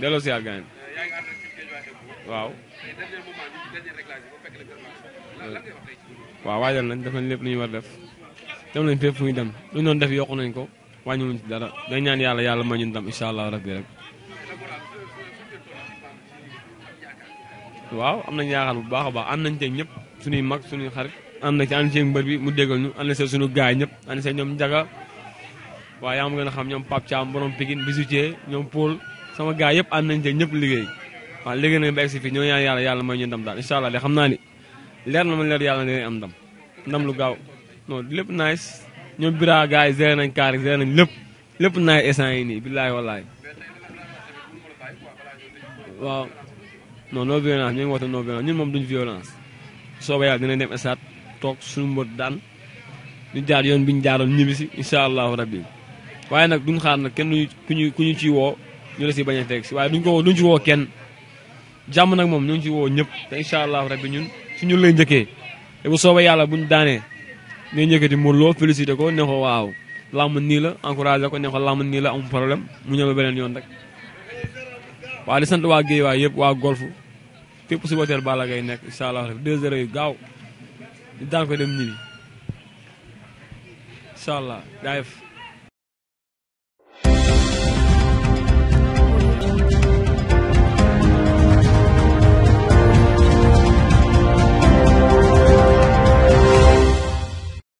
delloo si wow wow Wow. Wow. nañ def nañ lépp lu war def dem nañ fépp fu dem lu ñu def yokku nañ ko wàññiwuñ wow, dara dañ ñaan yàlla yàlla ma ñu ndam incha rabbi rek waaw am nañ yaakaar bu baax baax ànd nañ tey ñëpp suñuy mag suñuy xarit ànd na ci mbër bi mu déggal ñu see suñu gaay ñëpp see ñoom njaga yaa ma gën a xam ñoom borom ñoom sama gars yëpp ànd nañ te ñëpp liggéey waaw liggéey nañ ba egsi fii ñoo ñaan yàlla yàlla may ñu ndam daal incha allah de xam leer na ma leer yàlla dinañ am ndam lu gaaw non lépp nice ñoom bira gars yi géré nañ kaar yi lépp lépp nice instant yi nii billaahi wallaahi waaw non non violence ñoo ngi waxta non violence ñun moom duñ violence soobee yàlla dinañ dem esat toog suñu mbot daan ñu jaar yoon bi ñu jaaroon ñibbi si allahu rabbi waaye nag ñu la si bañ a fekk si waaye duñ ko woo duñ ci woo kenn jàmm nag moom ñu ngi ci woo ñëpp te incha allahu rabbi ñun si ñu lay njëkkee te bu soobee yàlla buñ daanee ñooy njëkkati Modou Lo félicité ko ne ko waaw làmb nii la encouragé ko ne ko làmb nii la amul problème mu ñëw beneen yoon rek. waaw di sant waa Guédiawaye yëpp waa golf fépp si woteel Balla Gaye nekk incha allahu rabbi deux yu gaaw ñu daan ko dem ñibbi incha